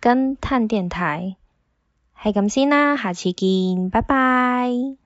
跟探電台係咁先啦，啊，下次見，拜拜。